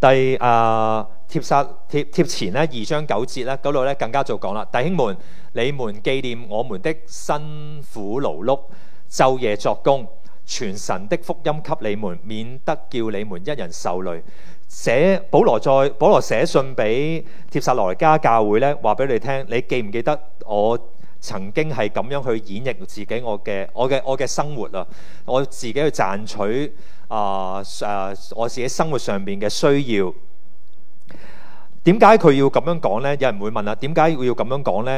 S1: 第啊。呃帖撒帖帖前咧二章九節咧嗰度咧更加早講啦，弟兄們，你們記念我們的辛苦勞碌，晝夜作工，傳神的福音給你們，免得叫你們一人受累。寫保羅再保羅寫信俾帖撒羅尼迦教會咧，話俾你聽，你記唔記得我曾經係咁樣去演繹自己我嘅我嘅我嘅生活啊？我自己去賺取啊啊，我自己生活上邊嘅需要。點解佢要咁樣講呢？有人會問啦，點解要要咁樣講呢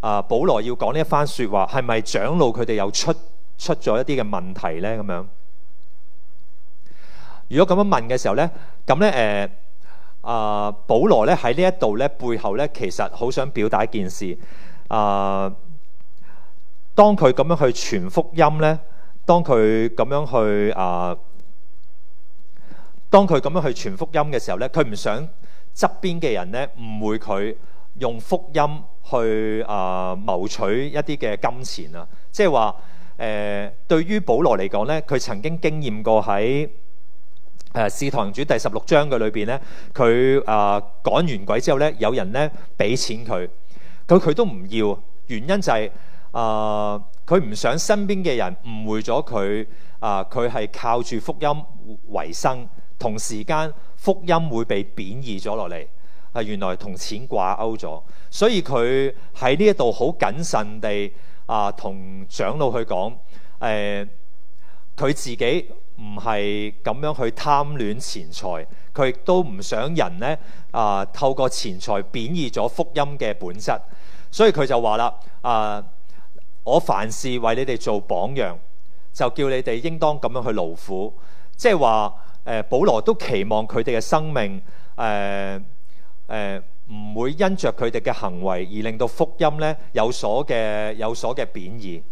S1: 啊、呃，保羅要講呢一番說話，係咪長老佢哋又出出咗一啲嘅問題呢？咁樣，如果咁樣問嘅時候呢？咁呢，誒、呃、啊、呃，保羅呢喺呢一度呢，背後呢，其實好想表達一件事啊、呃。當佢咁樣去傳福音呢，當佢咁樣去啊、呃，當佢咁樣去傳福音嘅時候呢，佢唔想。側邊嘅人咧誤會佢用福音去啊、呃、謀取一啲嘅金錢啊，即係話誒，對於保羅嚟講咧，佢曾經經驗過喺誒使徒行傳第十六章嘅裏邊咧，佢啊、呃、趕完鬼之後咧，有人咧俾錢佢，咁佢都唔要，原因就係啊佢唔想身邊嘅人誤會咗佢啊，佢、呃、係靠住福音為生，同時間。福音會被貶義咗落嚟，係原來同錢掛鈎咗，所以佢喺呢一度好謹慎地啊同、呃、長老去講，誒、呃、佢自己唔係咁樣去貪戀錢財，佢亦都唔想人咧啊、呃、透過錢財貶義咗福音嘅本質，所以佢就話啦啊我凡事為你哋做榜樣，就叫你哋應當咁樣去勞苦。即係話、呃，保羅都期望佢哋嘅生命，誒、呃、誒，唔、呃、會因着佢哋嘅行為而令到福音咧有所嘅有所嘅貶義。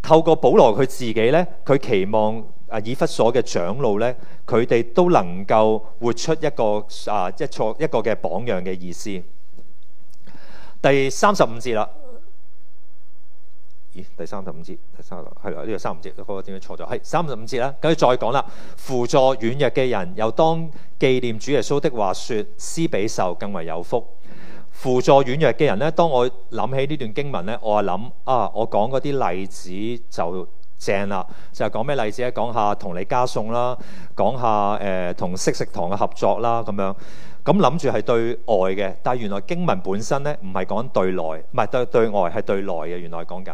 S1: 透過保羅佢自己咧，佢期望啊以弗所嘅長老咧，佢哋都能夠活出一個啊一錯一個嘅榜樣嘅意思。第三十五節啦。第三十五節，係啦，節節呢個三唔知嗰個點樣，錯咗，係三十五節啦。咁要再講啦。輔助軟弱嘅人，又當記念主耶穌的話說，説施比受更為有福。輔助軟弱嘅人咧，當我諗起呢段經文咧，我係諗啊，我講嗰啲例子就正啦，就係講咩例子咧？講下同你加餸啦，講下誒同識食堂嘅合作啦，咁樣。咁諗住係對外嘅，但原來經文本身咧，唔係講對內，唔係對，對外，係對內嘅。原來講緊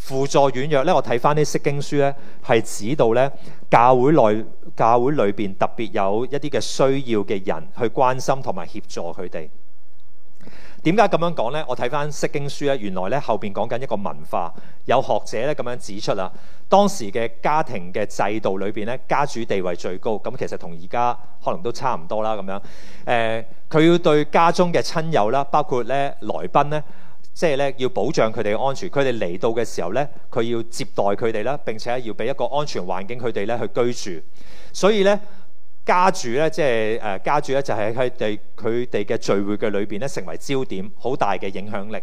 S1: 輔助軟弱咧，我睇翻啲釋經書咧，係指到咧教會內、教會裏面特別有一啲嘅需要嘅人，去關心同埋協助佢哋。點解咁樣講呢？我睇翻《釋經書》咧，原來咧後面講緊一個文化，有學者咧咁樣指出啦，當時嘅家庭嘅制度裏面咧，家主地位最高，咁其實同而家可能都差唔多啦咁樣。誒、呃，佢要對家中嘅親友啦，包括咧來賓咧，即係咧要保障佢哋嘅安全。佢哋嚟到嘅時候咧，佢要接待佢哋啦，並且要俾一個安全環境佢哋咧去居住。所以咧。家主咧，即係誒，家主咧就係佢哋佢哋嘅聚會嘅裏邊咧，成為焦點，好大嘅影響力。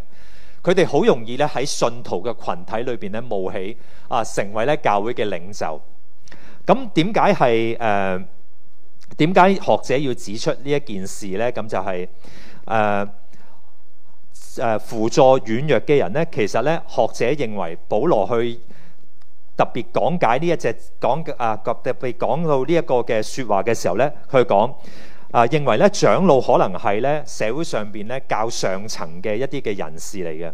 S1: 佢哋好容易咧喺信徒嘅群體裏邊咧冒起啊，成為咧教會嘅領袖。咁點解係誒？點解學者要指出呢一件事咧？咁就係誒誒，輔助軟弱嘅人咧。其實咧，學者認為保羅去。特別講解呢一隻講嘅啊，特別講到呢一個嘅説話嘅時候咧，佢講啊，認為咧長老可能係咧社會上邊咧較上層嘅一啲嘅人士嚟嘅。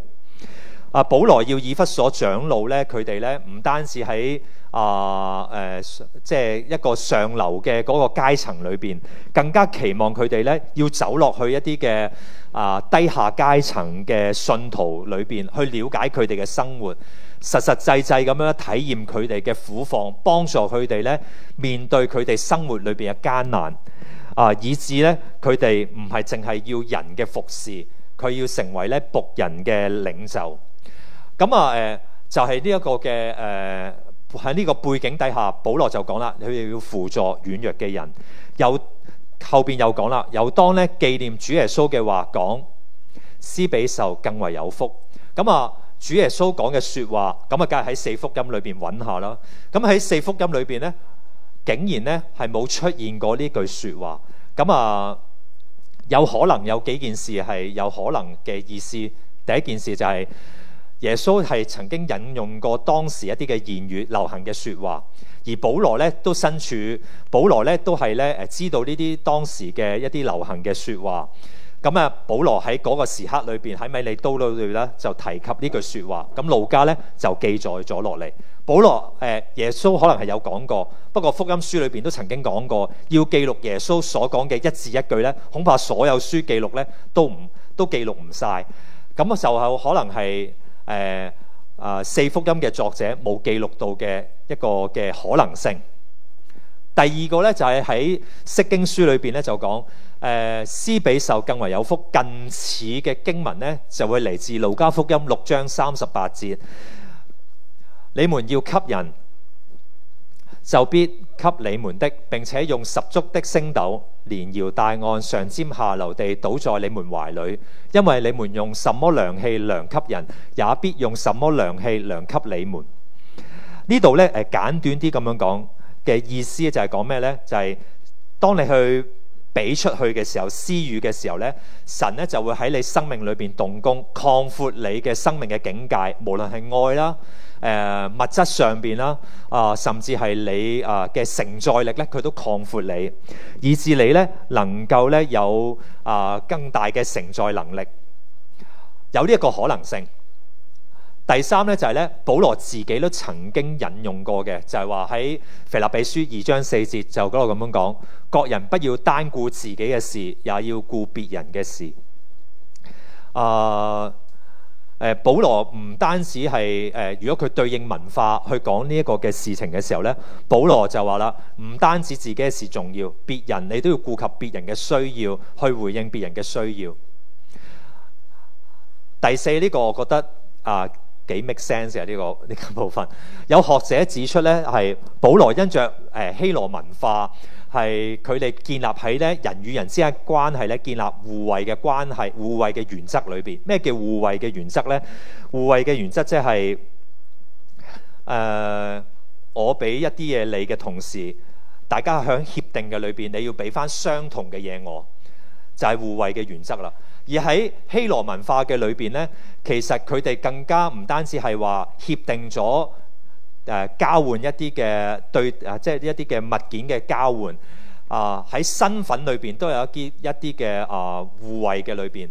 S1: 啊，保羅要以弗所長老咧，佢哋咧唔單止喺啊誒、呃，即係一個上流嘅嗰個階層裏邊，更加期望佢哋咧要走落去一啲嘅啊低下階層嘅信徒裏邊去了解佢哋嘅生活。實實際際咁樣體驗佢哋嘅苦況，幫助佢哋咧面對佢哋生活裏邊嘅艱難啊，以致咧佢哋唔係淨係要人嘅服侍，佢要成為咧僕人嘅領袖。咁啊，誒就係呢一個嘅誒喺呢個背景底下，保羅就講啦，佢哋要扶助軟弱嘅人。又後邊又講啦，又當咧紀念主耶穌嘅話講，施比受更為有福。咁啊。主耶穌講嘅説話，咁啊，梗係喺四福音裏邊揾下啦。咁喺四福音裏邊呢，竟然呢係冇出現過呢句説話。咁啊，有可能有幾件事係有可能嘅意思。第一件事就係、是、耶穌係曾經引用過當時一啲嘅言語、流行嘅説話，而保羅呢都身處，保羅呢都係呢知道呢啲當時嘅一啲流行嘅説話。咁啊，保羅喺嗰個時刻裏邊喺米利都裏咧就提及呢句説話，咁路加咧就記載咗落嚟。保羅誒，耶穌可能係有講過，不過福音書裏邊都曾經講過，要記錄耶穌所講嘅一字一句咧，恐怕所有書記錄咧都唔都記錄唔晒。咁嘅時候可能係誒啊四福音嘅作者冇記錄到嘅一個嘅可能性。第二個咧就係喺釋經書裏邊咧就講。誒施比受更為有福，近似嘅經文呢，就會嚟自路加福音六章三十八節。你們要給人，就必給你們的；並且用十足的升斗，連搖帶按，上尖下流地倒在你們懷裡，因為你們用什麼量器量給人，也必用什麼量器量給你們。呢度咧，簡短啲咁樣講嘅意思，就係講咩呢？就係、是、當你去，俾出去嘅時候，施予嘅時候咧，神咧就會喺你生命裏邊動工，擴闊你嘅生命嘅境界，無論係愛啦，誒、呃、物質上邊啦，啊、呃，甚至係你啊嘅承載力咧，佢都擴闊你，以至你咧能夠咧有啊、呃、更大嘅承載能力，有呢一個可能性。第三咧就係、是、咧，保羅自己都曾經引用過嘅，就係話喺腓立比書二章四節就嗰度咁樣講，各人不要單顧自己嘅事，也要顧別人嘅事。啊、呃呃，保羅唔單止係、呃、如果佢對應文化去講呢一個嘅事情嘅時候咧，保羅就話啦，唔單止自己嘅事重要，別人你都要顧及別人嘅需要，去回應別人嘅需要。第四呢個，我覺得啊。呃幾 make sense 啊？呢個呢個部分，有學者指出呢係保羅因着誒希羅文化係佢哋建立喺咧人與人之間關係咧，建立互惠嘅關係、互惠嘅原則裏邊。咩叫互惠嘅原則呢？互惠嘅原則即係誒，我俾一啲嘢你嘅同時，大家喺協定嘅裏邊，你要俾翻相同嘅嘢我，就係互惠嘅原則啦。而喺希羅文化嘅裏邊咧，其實佢哋更加唔單止係話協定咗誒、呃、交換一啲嘅對啊，即係一啲嘅物件嘅交換啊。喺、呃、身份裏邊都有一啲一啲嘅啊護衛嘅裏邊。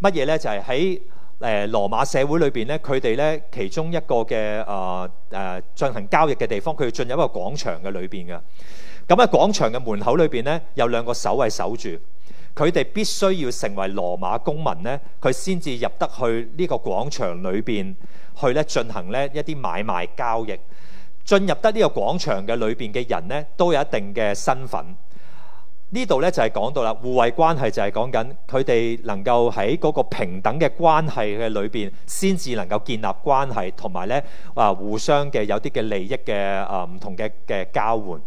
S1: 乜嘢咧？就係喺誒羅馬社會裏邊咧，佢哋咧其中一個嘅啊誒進行交易嘅地方，佢要進入一個廣場嘅裏邊嘅。咁喺廣場嘅門口裏邊咧，有兩個守衛守住。佢哋必須要成為羅馬公民呢，佢先至入得去呢個廣場裏邊去咧進行呢一啲買賣交易。進入得呢個廣場嘅裏邊嘅人呢，都有一定嘅身份。呢度呢，就係講到啦，互惠關係就係講緊佢哋能夠喺嗰個平等嘅關係嘅裏邊，先至能夠建立關係，同埋呢啊互相嘅有啲嘅利益嘅啊唔同嘅嘅交換。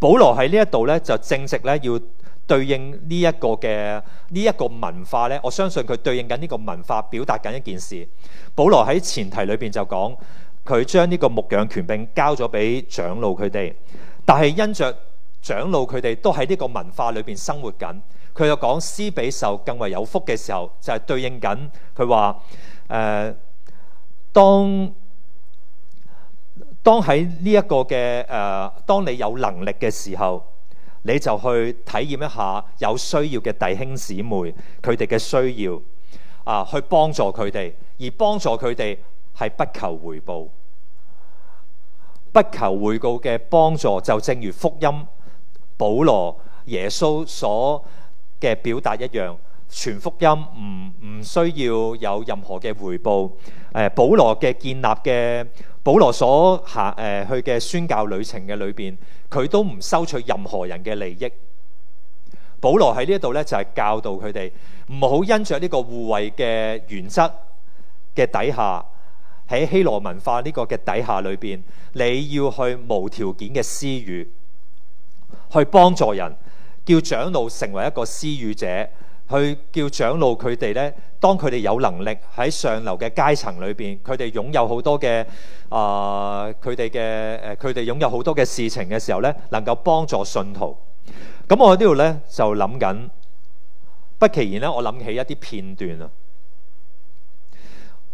S1: 保羅喺呢一度呢，就正直呢要。對應呢一個嘅呢一個文化呢，我相信佢對應緊呢個文化，表達緊一件事。保羅喺前提裏邊就講，佢將呢個牧養權柄交咗俾長老佢哋，但係因着長老佢哋都喺呢個文化裏邊生活緊，佢就講施比受更為有福嘅時候，就係對應緊佢話誒，當當喺呢一個嘅誒、呃，當你有能力嘅時候。你就去體驗一下有需要嘅弟兄姊妹佢哋嘅需要，啊，去幫助佢哋，而幫助佢哋係不求回報、不求回報嘅幫助，就正如福音、保羅、耶穌所嘅表達一樣，全福音唔唔需要有任何嘅回報。啊，保羅嘅建立嘅。保羅所下誒去嘅宣教旅程嘅裏邊，佢都唔收取任何人嘅利益。保羅喺呢一度咧，就係、是、教導佢哋唔好因着呢個互惠嘅原則嘅底下，喺希羅文化呢個嘅底下裏邊，你要去無條件嘅施予，去幫助人，叫長老成為一個施予者。去叫長老佢哋咧，當佢哋有能力喺上流嘅階層裏邊，佢哋擁有好多嘅啊，佢哋嘅誒，佢哋擁有好多嘅事情嘅時候咧，能夠幫助信徒。咁我喺呢度咧就諗緊，不其然咧，我諗起一啲片段啊。誒、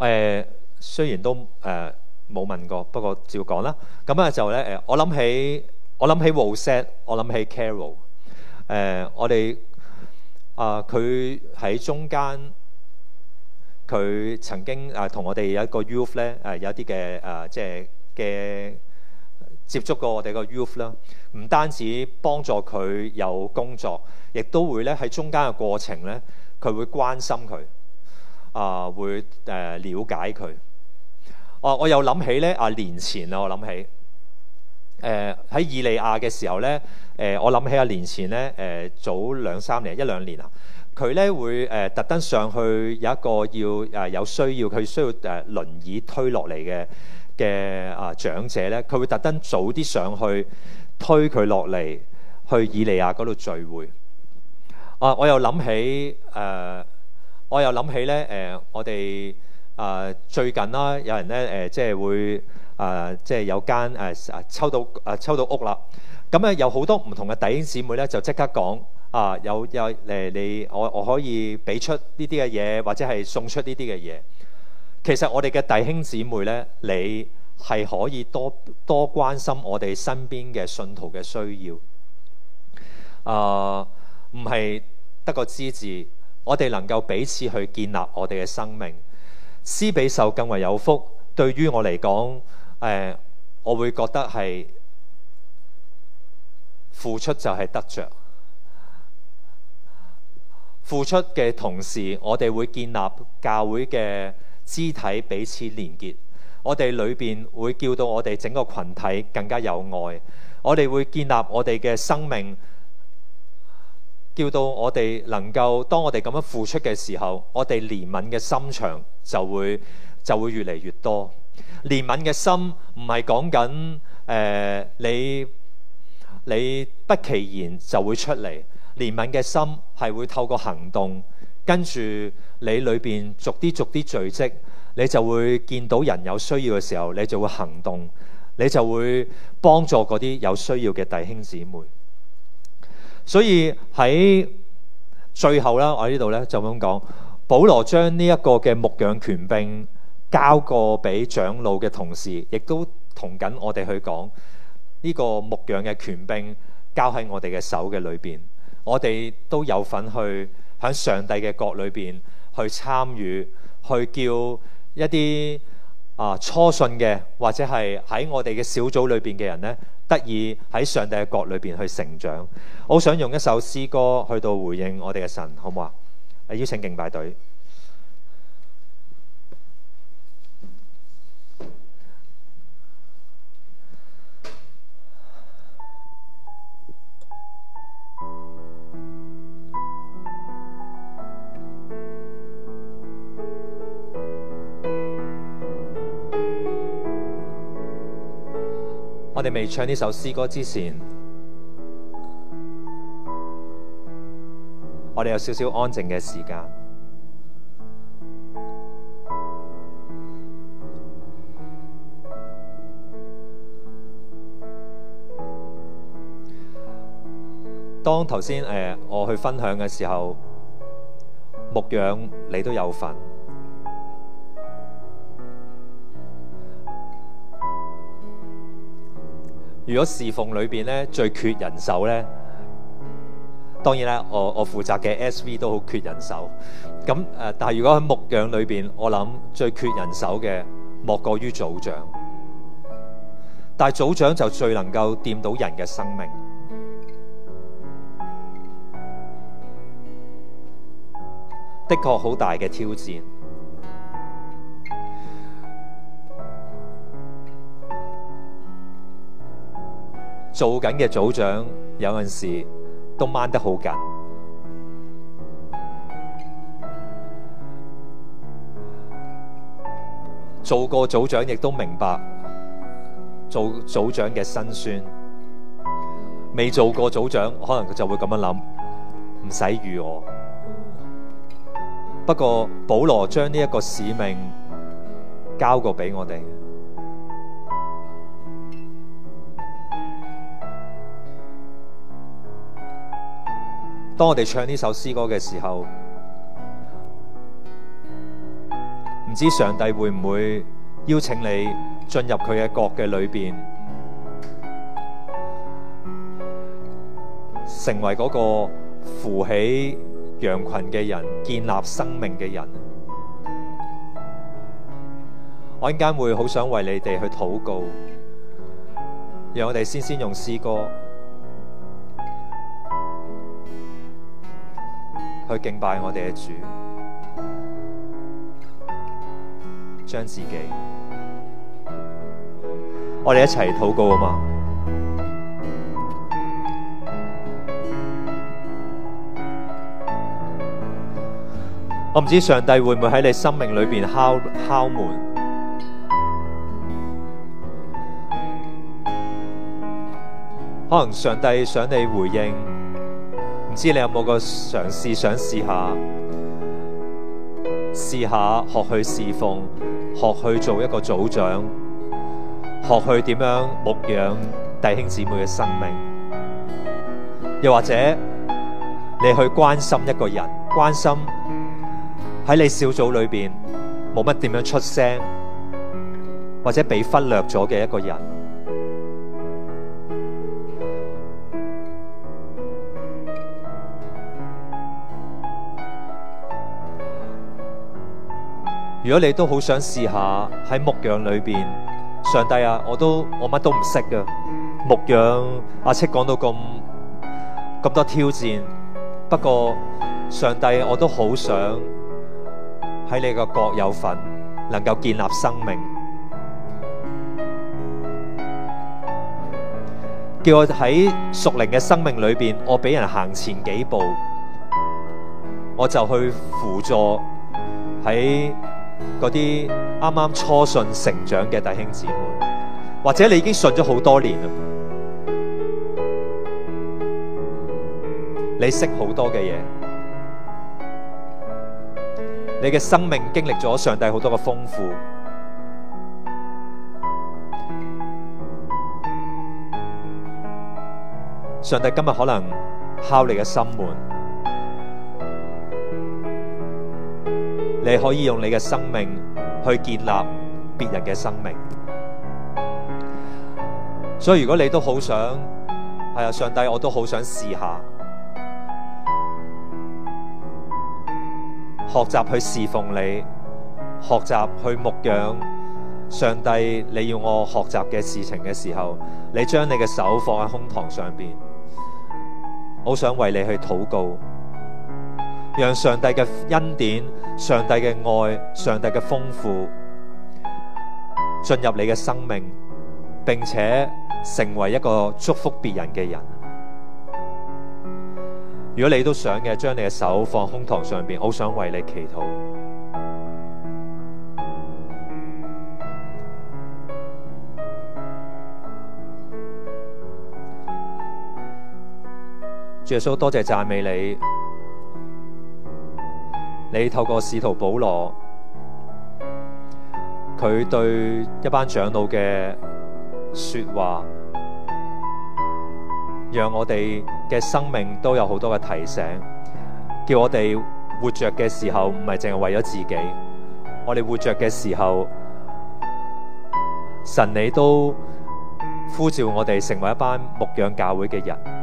S1: 呃，雖然都誒冇、呃、問過，不過照講啦。咁啊就咧誒，我諗起我諗起 Wesley 我諗起，起 Carol、呃。誒，我哋。啊、呃！佢喺中間，佢曾經啊同、呃、我哋有一個 youth 咧，啊、呃、有一啲嘅啊即係嘅接觸過我哋個 youth 啦。唔單止幫助佢有工作，亦都會咧喺中間嘅過程咧，佢會關心佢，啊、呃、會誒了、呃、解佢、呃。啊！我又諗起咧，啊年前啊，我諗起。誒、呃、喺以利亞嘅時候咧，誒、呃、我諗起一年前咧，誒、呃、早兩三年一兩年啊，佢咧會誒、呃、特登上去有一個要誒、呃、有需要佢需要誒輪、呃、椅推落嚟嘅嘅啊長者咧，佢會特登早啲上去推佢落嚟去以利亞嗰度聚會。啊、呃，我又諗起誒、呃，我又諗起咧誒、呃，我哋啊、呃、最近啦，有人咧誒、呃、即係會。誒、呃，即係有間誒、啊、抽到、啊、抽到屋啦。咁、嗯、有好多唔同嘅弟兄姊妹咧，就即刻講啊，有有你我我可以俾出呢啲嘅嘢，或者係送出呢啲嘅嘢。其實我哋嘅弟兄姊妹咧，你係可以多多關心我哋身邊嘅信徒嘅需要。誒、呃，唔係得個支持。我哋能夠彼此去建立我哋嘅生命，施比受更為有福。對於我嚟講。Uh, 我會覺得係付出就係得着，付出嘅同時，我哋會建立教會嘅肢體，彼此連結。我哋裏面會叫到我哋整個群體更加有愛。我哋會建立我哋嘅生命，叫到我哋能夠當我哋咁樣付出嘅時候，我哋憐憫嘅心腸就會就會越嚟越多。憐憫嘅心唔係講緊誒你你不其然就會出嚟，憐憫嘅心係會透過行動，跟住你裏邊逐啲逐啲聚積，你就會見到人有需要嘅時候，你就會行動，你就會幫助嗰啲有需要嘅弟兄姊妹。所以喺最後啦，我呢度咧就咁講，保羅將呢一個嘅牧養權柄。交過俾長老嘅同事，亦都同緊我哋去講呢個牧羊嘅權柄交喺我哋嘅手嘅裏邊，我哋都有份去響上帝嘅國裏邊去參與，去叫一啲啊初信嘅或者係喺我哋嘅小組裏邊嘅人呢，得以喺上帝嘅國裏邊去成長。我想用一首詩歌去到回應我哋嘅神，好唔好啊？邀請敬拜隊。我哋未唱呢首詩歌之前，我哋有少少安靜嘅時間。當頭先、呃、我去分享嘅時候，牧養你都有份。如果侍奉裏面最缺人手呢？當然啦，我我負責嘅 S.V 都好缺人手。咁誒，但係如果喺牧養裏面，我諗最缺人手嘅莫過於組長，但係組長就最能夠掂到人嘅生命，的確好大嘅挑戰。做緊嘅組長有陣時都掹得好緊，做過組長亦都明白做組長嘅辛酸。未做過組長，可能佢就會咁樣諗，唔使預我。不過保羅將呢一個使命交過俾我哋。當我哋唱呢首詩歌嘅時候，唔知上帝會唔會邀請你進入佢嘅國嘅裏邊，成為嗰個扶起羊群嘅人，建立生命嘅人。我陣間會好想為你哋去禱告，讓我哋先先用詩歌。去敬拜我哋嘅主，將自己我，我哋一齊禱告啊嘛！我唔知上帝會唔會喺你生命裏邊敲敲門，可能上帝想你回應。唔知你有冇個嘗試，試想試下，試下學去侍奉，學去做一個組長，學去點樣牧養弟兄姊妹嘅生命，又或者你去關心一個人，關心喺你小組裏邊冇乜點樣出聲，或者被忽略咗嘅一個人。如果你都好想試下喺牧養裏邊，上帝啊，我都我乜都唔識噶，牧養阿戚講到咁咁多挑戰，不過上帝啊，我都好想喺你個國有份，能夠建立生命，叫我喺屬靈嘅生命裏邊，我俾人行前幾步，我就去輔助喺。嗰啲啱啱初信成長嘅弟兄姊妹，或者你已經信咗好多年啦，你識好多嘅嘢，你嘅生命經歷咗上帝好多嘅豐富，上帝今日可能敲你嘅心門。你可以用你嘅生命去建立別人嘅生命，所以如果你都好想，係啊，上帝，我都好想試下，學習去侍奉你，學習去牧養上帝。你要我學習嘅事情嘅時候，你將你嘅手放喺胸膛上邊，我想為你去禱告。讓上帝嘅恩典、上帝嘅愛、上帝嘅豐富進入你嘅生命，並且成為一個祝福別人嘅人。如果你都想嘅，將你嘅手放胸膛上邊，好想為你祈禱。耶穌多謝讚美你。你透過使徒保羅，佢對一班長老嘅說話，讓我哋嘅生命都有好多嘅提醒，叫我哋活着嘅時候唔係淨係為咗自己，我哋活着嘅時候，神你都呼召我哋成為一班牧養教會嘅人。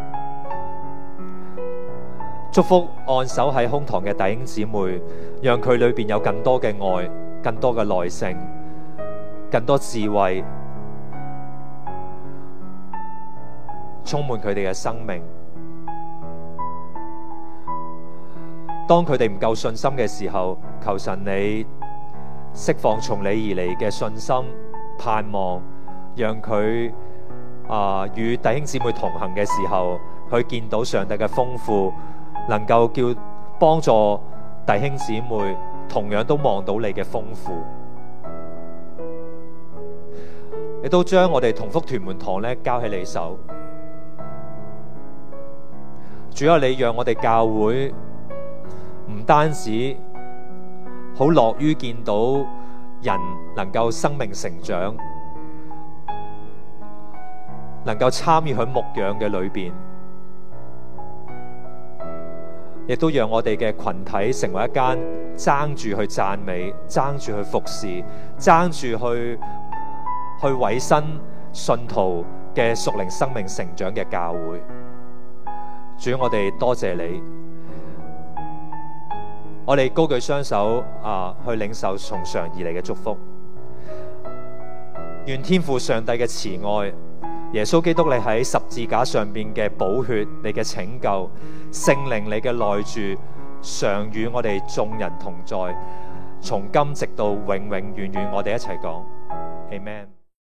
S1: 祝福按手喺胸膛嘅弟兄姊妹，讓佢裏邊有更多嘅愛、更多嘅耐性、更多智慧，充滿佢哋嘅生命。當佢哋唔夠信心嘅時候，求神你釋放從你而嚟嘅信心、盼望，讓佢啊、呃、與弟兄姊妹同行嘅時候，去見到上帝嘅豐富。能夠叫幫助弟兄姊妹，同樣都望到你嘅豐富，你都將我哋同福屯門堂咧交喺你手。主要你讓我哋教會唔單止好樂於見到人能夠生命成長，能夠參與喺牧養嘅裏邊。亦都讓我哋嘅群體成為一間爭住去讚美、爭住去服侍、爭住去去委身信徒嘅屬靈生命成長嘅教會。主，我哋多謝你，我哋高舉雙手啊，去領受從上而嚟嘅祝福。願天父上帝嘅慈愛、耶穌基督你喺十字架上邊嘅寶血、你嘅拯救。聖靈，你嘅內住常與我哋眾人同在，從今直到永永遠遠我們，我哋一齊講，Amen。